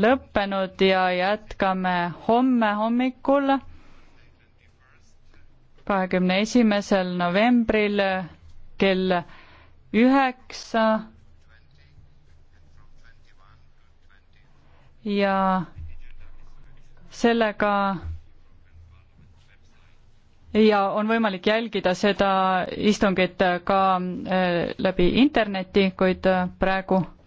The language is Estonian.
lõppenud ja jätkame homme hommikul, kahekümne esimesel novembril kell üheksa ja sellega ja on võimalik jälgida seda istungit ka läbi interneti, kuid praegu